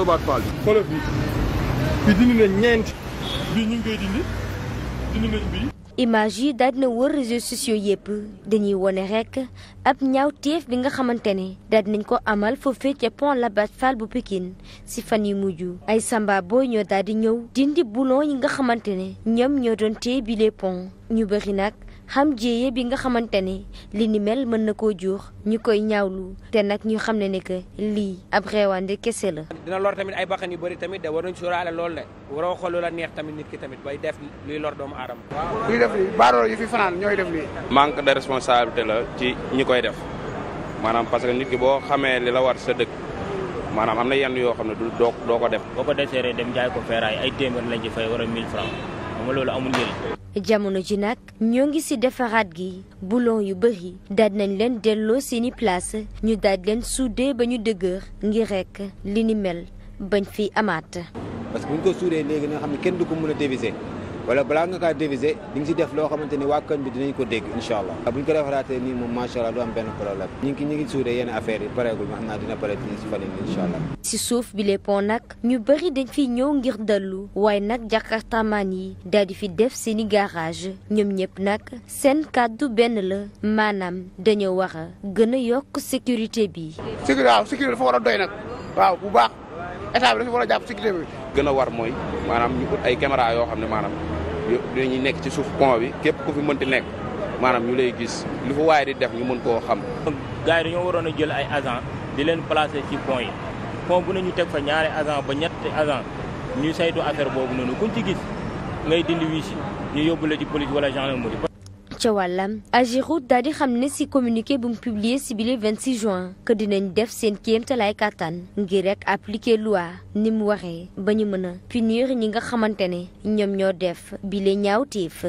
Colobane image yi daal dina wër réseaux sociaux yëpp dañuy wone rek ab ñaawteef bi nga xamante ne daal nañ ko amal foofee ca pont Labatt Fall bu Pikine ci fan yu mujj ay samba booy ñoo daal ñëw dindi boulon yi nga xamante ne ñoom ñoo doon téye pont ñu bëri nag xam jéeye bi nga xamante ni li ni mel mën na koo jox ñi koy ñaawlu te nag ñu xam ne ne que lii ab reewaande kese la. dina lor tamit ay bakkan yu bëri tamit war nañ sóoraale loolu de waroo xool lu la tamit nit ki tamit bay def luy lor doomu aadama. luy def lii baaroo yu fi fanaan ñooy def lii. manque de responsabilité la ci ñi koy def maanaam parce que nit ki boo xamee li la war sa dëkk. maanaam am na yenn yoo xam ne du doo doo ko def. boo ko deseeree dem jaay ko feeraay ay téeméer lañ ci fay wala 1000 francs xam nga loolu amul njëriñ. jamono ji nag ñoo ngi ci defaraat gi boulon yu bëri daaj nañ leen delloo ni place ñu daaj leen soudé ba ñu dëgër ngir rekk li ni mel bañ fi amaat. parce que bu ñu ko suudee léegi nga xam ne kenn du ko mën a dévisser wala balaa nga kaa diviser di nga si def loo xamante ni waa koñ bi dinañ ko dégg incha allah bu ñu ko defaraatee nii moom macha allah du am benn problème ñu ngi ñu ngi xam naa dina pare ci si suuf bi les nag ñu bëri dañ fiy ñëw ngir dallu waaye nag jakartamaan yi daal di fi def seeni garage ñoom ñëpp nag seen kàddu benn la maanaam dañoo war a gën a yokk sécurité bi. sécurité waaw sécurité dafa war a doy nag waaw bu baax. état bi dafa war a jàpp sécurité bi. gën a war mooy maanaam ñu ut ay caméra yoo xam ne maanaam dinañuy nekk ci suuf pont bi képp ku fi mënti nekk maanaam ñu lay gis lu fa waaye di def ñu mën koo xam. gars yi waroon a jël ay agent di leen placer ci pont yi pont bu ne ñu teg fa ñaari agent ba ñetti agent ñu saytu affaire boobu noonu kuñ ci gis ngay dindi wii si ñu yóbbu la ci police wala gendarmerie. ca wàllam Ageroute daal di xam ne si communiqué bu mu publié si bile 26 juin que dinañ def seen kéemtalaay kàttan ngir rek appliquer loi ni mu waxee ba ñu mën a punir ñi nga xamante ne ñoom ñoo def bile ñaawteef.